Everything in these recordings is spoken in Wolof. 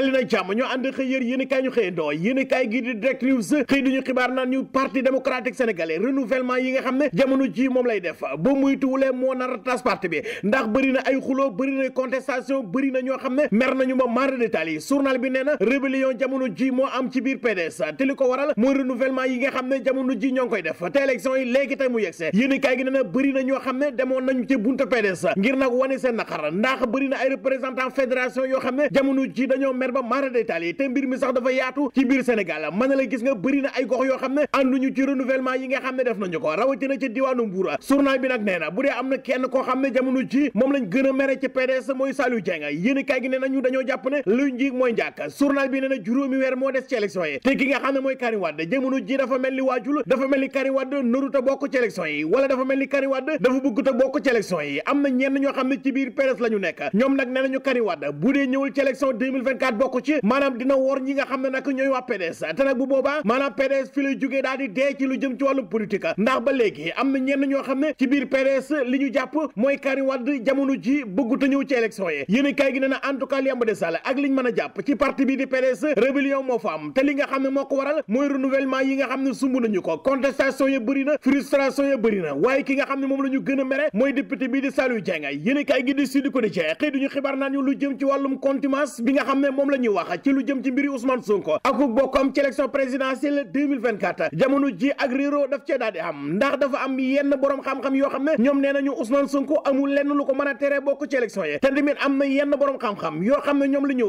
dali na jàmm ñoo ànd xëy yér ba muytuwulee moo a tas ndax bëri na ay xuloo bëri na contestation bëri na ñoo xam ne mer nañu ba mara détails yi journal bi nee na rébellion ji moo am ci biir PDS te li ko waral mooy renouvellement yi nga xam ne jamono ji ñoo koy def te élection yi léegi tey mu yegsee yéen gi nee na ñoo xam ne demoon nañu ci bunta PDS ngir nag wane seen naqar ndax bëri ay représentant fédération yoo xam ne jamono ji dañoo mer affaire ba mara détail te mbir mi sax dafa yaatu ci biir Sénégal mën na la gis nga bëri ay gox yoo xam ne ànduñu ci renouvellement yi nga xam ne def nañu ko rawatina ci diwaanu Mbuur journal bi nag nee na bu dee am ci PDS dee ñëwul ci élection bokk ci maanaam dina wor ñi nga xam ne nag ñooy waa PDS te nag bu boobaa maanaam PDS fi lay jógee daal di dee ci lu jëm ci wàllum politique ndax ba léegi am na ñenn ñoo xam ne ci biir PDS li ñu jàpp mooy Karim Wade jamono ji bëggut a ñëw ci élection yi yéen gi ne na en tout cas li ak liñ mën a jàpp ci parti bi di PDS rébellion moo fa am te li nga xam ne moo ko waral mooy renouvellement yi nga xam ne sumb nañu ko contestation ya bëri a mere mooy député moom la ci lu jëm ci mbiri Ousmane Sonko aku bokkam ci élection présidentielle jamono ji ak réero daf cee daal am ndax dafa am yenn boroom xam-xam yoo xam ne ñoom nee nañu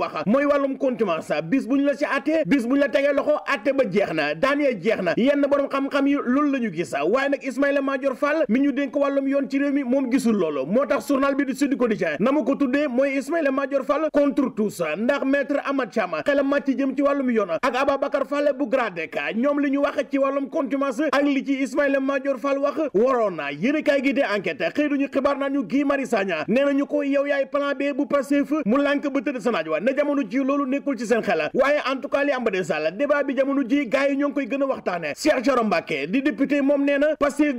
a mooy wàllum contumace bis bu ñu la ci àttee bis bu ñu la tegee loxo àtte ba jeex na daan jeex na yenn boroom xam-xam loolu la gis waaye nag Ismaïla Madior Fall mi ñu dénk wàllum yoon ci réew mi moom gisul loolu moo tax journal bi di Sud Quotidien na mu ko tuddee mooy maître Amat Thiam xelam màcc jëm ci wàllum yoon ak Ababacar Fall bu GRADEC ñoom li ñu wax ci wàllum contumace ak li ci Ismaïla Madior Fall wax waroon na yéen kaay gi di enquête xëy xibaar naa ñu Guy Marius Sagna nee nañu ko yaay plan B bu Pastef mu lànk ba tëdd sa naaj wa ne jamono ji loolu nekkul ci seen xel waaye en tout de sall débat bi jamono ji gars yi ñoo koy gën waxtaane Cheikh Thioro Mbacké di député moom nee na Pastef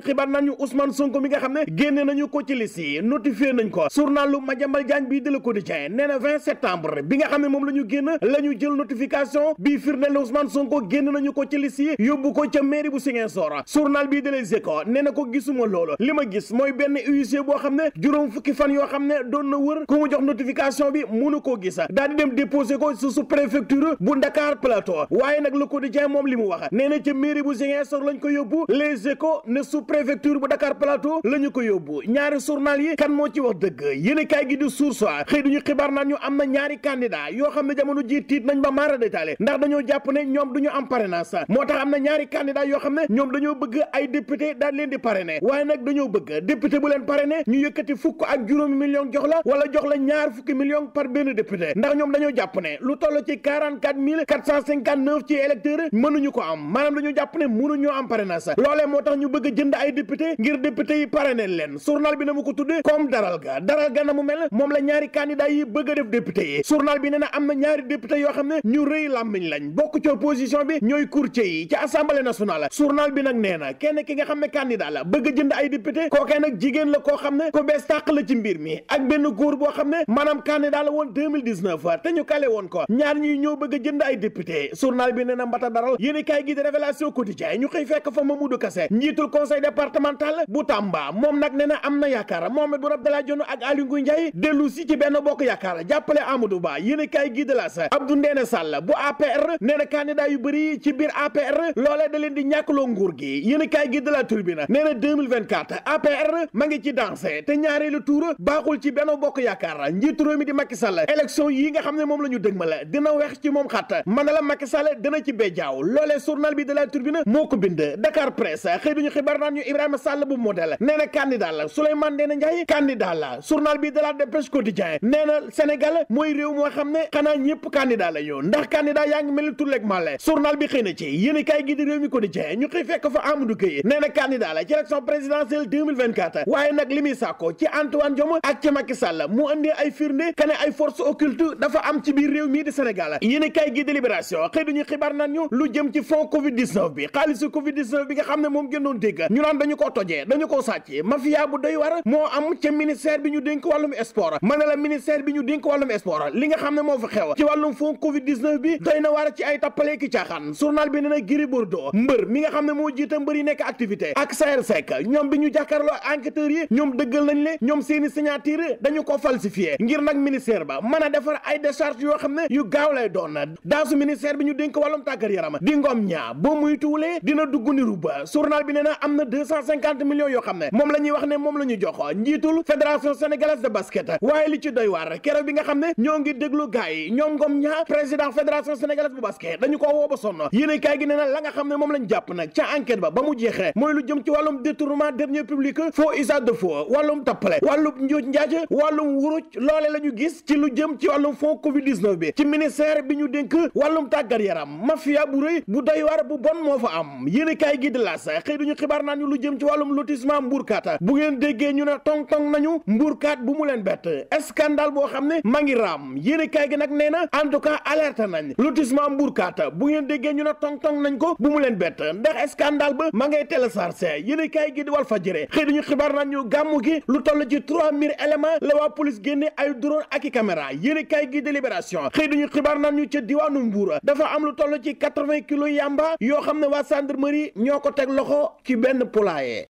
ñu xibaar naan ñu Ousmane Sonko mi nga xam ne génne nañu ko ci liste yi notifié nañ ko journal lu Madiambal Diagne bii de Le Quotidien nee na 20 septembre bi nga xam ne moom la ñu génn la ñu jël notification bii firndeel Ousmane Sonko génn nañu ko ci liste yi yóbbu ko ca mairie bu Ziguinchor journal bii de Les Échos nee na ko gisuma loolu li ma gis mooy benn huissier boo xam ne juróom fukki fan yoo xam ne doon na wër ku mu jox notification bi mënu koo gis daal di dem déposé ko su su préfecture bu Dakar Plateau waaye nag Le moom li mu wax nee na ca mairie bu Ziguinchor lañ ko yóbbu su préfecture bu Dakar Plateau la ko yóbbu ñaari journal yi kan moo ci wax dëgg yéenekaay gi di Source A xëy duñu xibaar naan ñu am na ñaari candidat yoo xam ne jamono ji tiit nañ ba maara détaillé ndax dañoo jàpp ne ñoom duñu am ne ñoom dañoo bëgg ay député daal leen di parrainer waaye nag dañoo bëgg député bu leen parrainer ñu yëkkati fukk ak juróomi million jox la wala jox la ñaar fukki million par benn député ndax ñoom dañoo jàpp ne lu toll ci quarante quatre mille quatre cent cinquante neuf ci électeurs mënuñu ko am maanaam moo tax ñu bëgg jënd ay député ngir député yi parrainé leen surnal bi na mu ko tudde comme daral ga daral ga na mu mel moom la ñaari candidat yi bëgg a def député yi journal bi ne a am na ñaari député yoo xam ne ñu rëy làmmiñ lañ bokk ci opposition bi ñooy courtier yi ci assemblée nationale surnal bi nag nee na kenn ki nga xam ne candidat la bëgg a jënd ay député kookee nag jigéen la koo xam ne ko bees tàq la ci mbir mi ak benn góor boo xam ne maanaam candidat la woon 2019 te ñu kale woon ko ñaar ñuy ñëw bëgg a jënd ay député journal bi nee na mbata daral yéen i kaay gi di révélation quotidien ñu xëy fekk fa Mamadou Kassé njiitul conseil conseil départemental bu Tamba moom nag nee am na yaakaar Mohamed Boun Abdallah Dionne ak Aly Ngouille Ndiaye dellu ci benn bokk yaakaar jàppale Amadou Ba yéen a kaay gii de la sa Abdou Ndéné Sall bu APR nee na candidat yu bëri ci biir APR loolee da di ñàkkloo nguur gi yéen a kaay gii de APR ma ngi ci dansé te ñaareelu tour baaxul ci benn bokk yaakaar njiitu réew mi di Macky Sall élection yi nga xam ne moom la ñu dëgmal dina weex ci moom xat naan ñu Ibrahima Sall bu modèle nee na candidat la Souleymane Ndéné Ndiaye de la Dépêche Quotidien nee na mooy réew moo xam ne xanaa ñëpp candidat la ñu ndax candidat yaa ngi mel ni turleeg màlle journal bi xëy na ci yéen kaay gi di réew mi Quotidien ñu xëy fekk fa Amadou Gueye nee na candidat la ci élection présidentielle waaye nag li muy sàkko ci Antoine Diome ak ci Macky Sall mu indi ay firnde kane ay force occulte dafa am ci biir réew mii di Sénégal moom gën doon ñu naan dañu koo tojee dañu koo sàccee mafia bu doy war moo am ca ministère bi ñu dénk wàllum sport ma ne la ministère bi ñu dénk wàllum sport li nga xam ne moo fa xew ci wàllum fond covid 19 bi doy na war ci ay tappale ki caaxaan journal bi nee na Gris Bordeaux mbër mi nga xam ne moo jiite mbër yi nekk activité ak Saer Seck ñoom bi ñu jàkkaarloo enquêteurs yi ñoom dëggal nañ le ñoom seeni signature dañu ko falsifié ngir nag ministère ba mën a defar ay décharge yoo xam ne yu gaaw lay doon daasu ministère bi ñu dénk wàllum tàggat yaram di ngoom ñaa boo muy deux cent cinquante millions yoo xam ne moom la ñuy wax ne moom la ñu jox njiitul fédération sénégalaise de basket waaye li ci doy waar keroog bi nga xam ne ñoo ngi déglu gars yi ñoom ngom ñaa président fédération sénégalaise bu basket dañu ko woo sonn yéen gi nee na la nga xam ne moom lañ jàpp nag ca enquête ba ba mu jeexee mooy lu jëm ci wàllum détournement deniers publics faux usage de faux wàllum tappale wàllum njuuj njaaj wàllum wuruj loole la gis ci lu jëm ci wàllum nañu lu jëm ci wàllum lotissement mbuurkat bu ngeen déggee ñu ne tong tong nañu mbuurkat bu mu leen bett scandale boo xam ne ma ngi raam yéene gi nag nee na en tout cas alerte nañ lotissement mbuurkat bu ngeen déggee ñu ne tong tong nañ ko bu mu leen bett ndax scandale ba ma ngay téléchargé yéene kaay gi di wal fa jëre xëy dañu xibaar nañ gàmmu gi lu toll ci trois mille éléments la waa police génne ay drone ak i caméra yéene kaay gi di xëy dañu xibaar nañ ca yoo xam ne waa gendarmerie ñoo ko teg loxo pulaayee